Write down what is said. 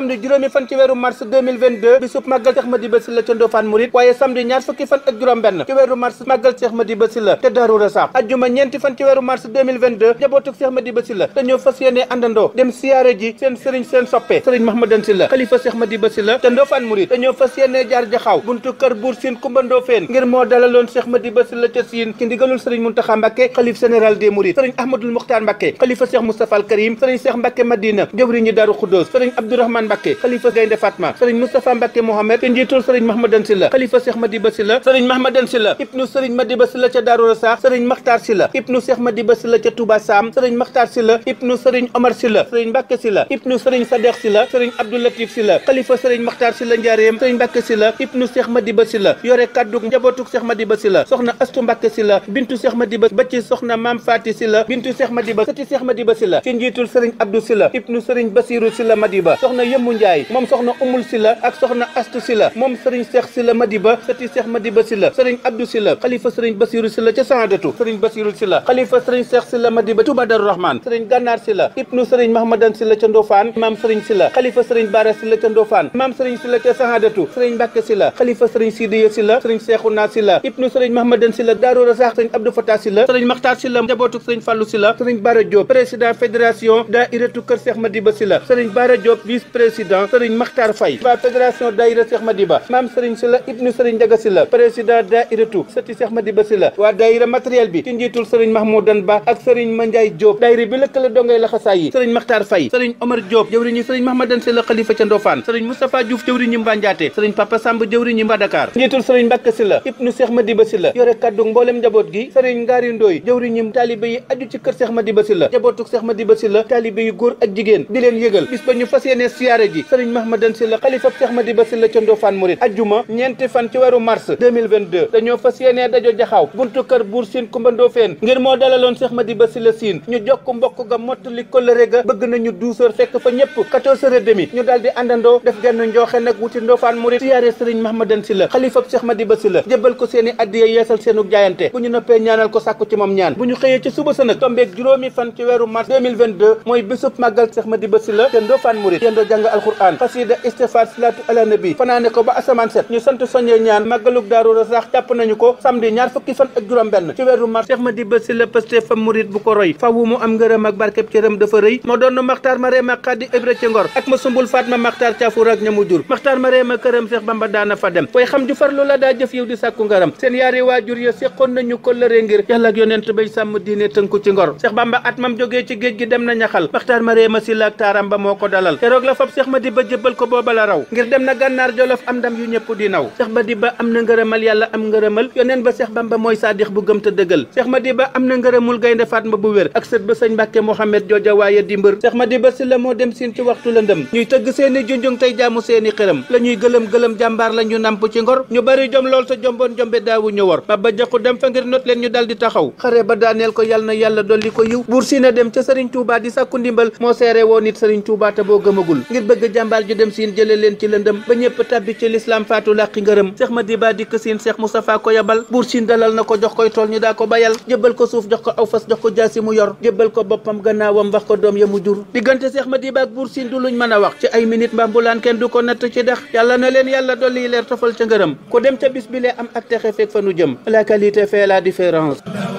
samedi juróomi fan ci wéru mars 2022 bisup magal Cheikh Madiba Sylla ca Ndofane Mouride waye samedi ñaar fukki fan ak juróom ben ci wéru mars magal Cheikh Madiba Sylla te Daaru Rasaam aljuma ñenti fan ci wéru mars 2022 jabotuk Cheikh Madiba Sylla te ñoo fassiyene andando dem siyaare ji seen serigne seen soppe sëriñ Mahmadan Sylla khalifa Cheikh Madiba Sylla te Ndofane Mouride te ñoo fassiyene jaar xaw buntu kër buur siin Kumba fen ngir mo dalalon Cheikh Madiba Sylla ca sin ci ndigalul serigne Muntaxa Mbàkke khalif general des Mourides serigne Ahmadul mukhtar Mbàkke khalifa Cheikh Mustafa al Karim serigne Cheikh Mbàkke Madina ñi daru khudus serigne abdourahman Mbacké khalifa Gaynde Fatma Serigne Moustapha Mbacké Mohamed ci jitul Serigne Mahmadan Silla khalifa Cheikh Madiba Silla Serigne Mahmadan Silla ibnu Serigne Madiba Silla ci Daru Rasakh Serigne Makhtar Silla ibnu Cheikh Madiba Silla ci Touba Sam Serigne Makhtar Silla ibnu Serigne Omar Silla Serigne Mbacké Silla ibnu Serigne Sadekh Silla Serigne Abdou Latif Silla khalifa Serigne Makhtar Silla Ndiarem Serigne Mbacké Silla ibnu Cheikh Madiba Silla yore kaddu njabotuk Cheikh Madiba Silla soxna Astu Mbacké Silla bintu Cheikh Madiba ba ci soxna Mam Fati Silla bintu Cheikh Madiba ci Cheikh Madiba Silla ci njiitul Serigne Abdou Silla ibnu Serigne Basirou Silla Madiba soxna Dembu Njaay mom soxna Umul sila ak soxna Astu sila mom Serigne Cheikh sila Madiba seti Cheikh Madiba sila, Serigne Abdou sila, khalifa Serigne Basiru sila, ca Saadatu Serigne Basiru sila, khalifa Serigne Cheikh sila Madiba Touba dar Rahman Serigne Gannar sila, ibnu Serigne Mahamadan sila ci ndofan mam Serigne sila khalifa Serigne Bara sila ci ndofan sila Serigne sila sering Saadatu Serigne Mbacke sila khalifa Serigne Sidiya sila Serigne na sila ibnu Serigne Mahamadan sila daru rasakh Serigne Abdou Fatah sila, Serigne Makhtar sila, jabotou Serigne Fallou sila Serigne Bara Diop federation fédération iratu keur Cheikh Madiba sila, Serigne Bara Diop vice président Serigne Makhtar fay ba fédération daïra Cheikh Madiba mam Serigne sila ibnu Serigne Ndiaga sila, président daayiratu sëti Cheikh Madiba sila, wa daïra matériel bi ci njitul Serigne dan Ba ak Serigne Mandiaye Diop daïra bi lëkkale dongay laxasaay yi Serigne Makhtar fay Serigne Omar Diop ni Serigne dan sila khalifa ci Ndofane Serigne mustapha Diouf jëwriñu ni mbandiaté Serigne Papa Samb jëwriñu ni mbadakar njitul Serigne bak sila, ibnu Cheikh Madiba sila yore kaddu mboolem njabot gi Serigne Ngari Ndoy ni talibé yi aju ci keur Cheikh Madiba sila, jabootuk Cheikh Madiba sila talibé yu gor ak jigen di len yëgal bis ba ñu fas ziaré ji sëriñ mahmadan silla khalifa cheikh madi ba ci ndo fan mouride aljuma fan ci mars 2022 dañu fas yéenee dajo jaxaaw buntu kër buur siin kumba fen ngir mo sin. cheikh madi ba sin ñu jokk mbokk ga mottali kolëre ga bëgg nañu 12 h fekk fa 14 h 30 ñu daldi andando. def genn njooxe nak wuti ndofaan murit ziyaare sëriñ mahmadan silla xalifa seex madi ba silla jébbal ko seeni addiya yeesal seenu jaayante bu ñu noppee ñaanal ko sakku ci mom ñaan bu ñu ci suba sa tombé ak juroomi fan ci mars 2022 mooy bésub magal seex madi ba silla fan ndofaan jang alquran qasida istighfar salatu ala nabi fanaane ko ba asaman set ñu sant soñe ñaan magaluk daru rasax japp nañu ko samedi ñaar fukki fan ak juroom ben ci wéru mar Cheikh Madiba le Pastef fa mourid bu ko roy fawu mu am ngeureum ak ci reum dafa rëy moo doon maxtaar ma reema ibra ci ngor ak ma sumbul fatma maktar caafuur ak ñamu jur maxtaar ma reema Cheikh Bamba dana fa dem way xam ju lu la da jëf yow di sakku ngaram seen yaari wajur ya sekkon nañu le rengir yalla ak yonent bay sàmm diine ci ngor Cheikh Bamba atmam joge ci geej gi dem na ñaxal mare ma silak taram ba moko ko dalal kérok la fa fab Cheikh Madiba jébbal ko booba la raw ngir dem na gànnaar jolof am ndam yu ñëpp di naw Cheikh Madiba am na ngërëmal yàlla am ngërëmal yoneen ba Cheikh Bamba mooy saadix bu gëm te dëggal di Madiba am na ngërëmul gaynde Fatma bu wér ak sët ba sëñ Mbàkke Mohamed jooja waaye di mbër Cheikh Madiba si la moo dem siin ci waxtu lëndëm ñuy tëgg seeni junjung tey jaamu seeni xërëm la ñuy gëlëm-gëlëm jàmbaar la ñu namp ci ngor ñu bari jom lool sa jomboon jombe daawu ñu wor ma ba dem fa ngir not ñu dal di taxaw xare ba daaneel ko yàlla na yàlla dolli ko yiw dem ca Sëriñ Tuubaa di sàkku ndimbal moo seere woo nit Sëriñ Tuubaa te ngir bëgg jàmbaar ju dem siin jële leen ci lëndëm ba ñëpp tabbi ci lislaam faatu làqi ngërëm seex ma diba dikk siin seex Moustapha ko yabal buur siin dalal na ko jox koy tool ñu daa ko bayal jëbbal ko suuf jox ko aw fas jox ko jaasi mu yor jëbbal ko boppam gannaawam wax ko doom ya jur diggante seex ma diba buur siin du luñ mën a wax ci ay minute mbaam bu laan kenn du ko natt ci dex yàlla na leen yàlla dolli leer tofal ca ngërëm ku dem ca bis la qualité fait la